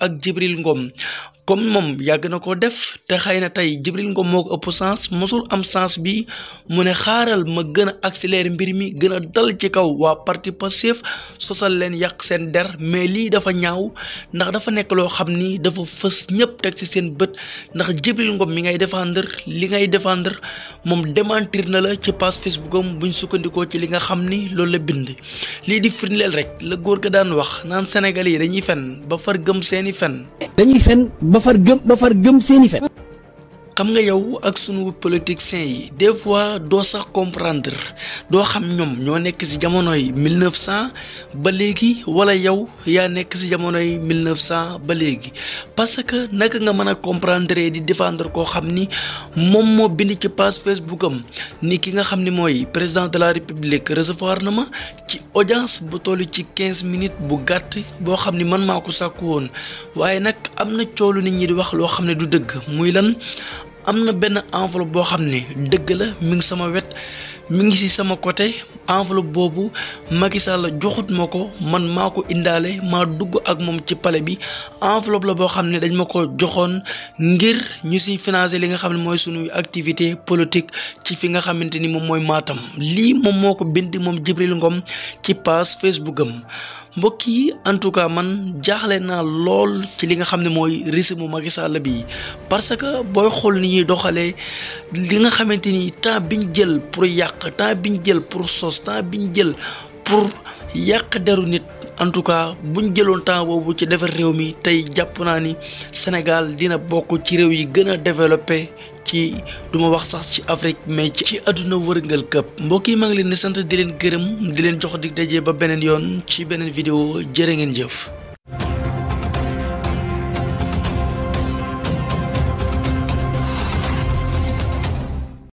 ak Jibril Ngom comme moom yàgg na ko def te xëy na tey Jibril Ngom ko ëpp sens mosul am sens bi mu ne xaaral ma gën a accélérer mbir mi gën a dal ci kaw waa parti Pastef sosal leen yàq seen der mais lii dafa ñaaw ndax dafa nekk loo xam ni dafa fës ñëpp teg ci seen bët ndax Jibril Ngom mi ngay défendre li ngay défendre moom démentir na la ci page Facebook bu buñ sukkandikoo ci li nga xam ni loolu la bind lii di firndeel rek la góor ga daan wax naan Sénégalais yi dañuy fen ba far gëm seeni fen dañuy fen ba far gëm ba far gëm seeni fen xam nga yow ak sunu politiciens yi des fois doo sax comprendre doo xam ñoom ñoo nekk ci jamonoy 1900 ba léegi wala yow yaa nekk ci jamonoy 1900 ba léegi parce que naka nga mën a comprendre di défendre koo xam ni moom moo bind ci page Facebook am ni ki nga xam ni mooy président de la république recevoir na ma ci audience bu toll ci 15 minutes bu gàtt boo xam ni man maa ko sàkku woon waaye nag am na coolu nit ñi di wax loo xam ne du dëgg muy lan. am na benn enveloppe boo xam ne dëgg la mi ngi sama wet mi ngi si sama côté enveloppe boobu Macky Sall la joxut ma ko man maa ko indaale maa dugg ak moom ci pale bi enveloppe la boo xam ne dañ ma ko joxoon ngir ñu ci financer li nga xam ne mooy suñuy activité politique ci fi nga xamante ni moom mooy maatam lii moom moo ko bind moom Djibril ngoom ci page Facebook am mbokk yi en tout cas man jaaxle naa lool ci li nga xam ne mooy régime Macky Sall bi parce que booy xool ni ñuy doxalee li nga xamante ni temps biñ jël pour yàq temps biñ jël pour sos temps biñ jël pour yàq deru nit en tout cas buñ jëloon temps boobu ci defar réew mi tey jàpp naa ni Sénégal dina bokk ci réew yi gën a développé ci duma wax sax ci Afrique mais ci àdduna wërngal këpp mbokk yi maa ngi leen di sant di leen gërëm di leen jox di daje ba beneen yoon ci beneen vidéo jërë ngeen jëf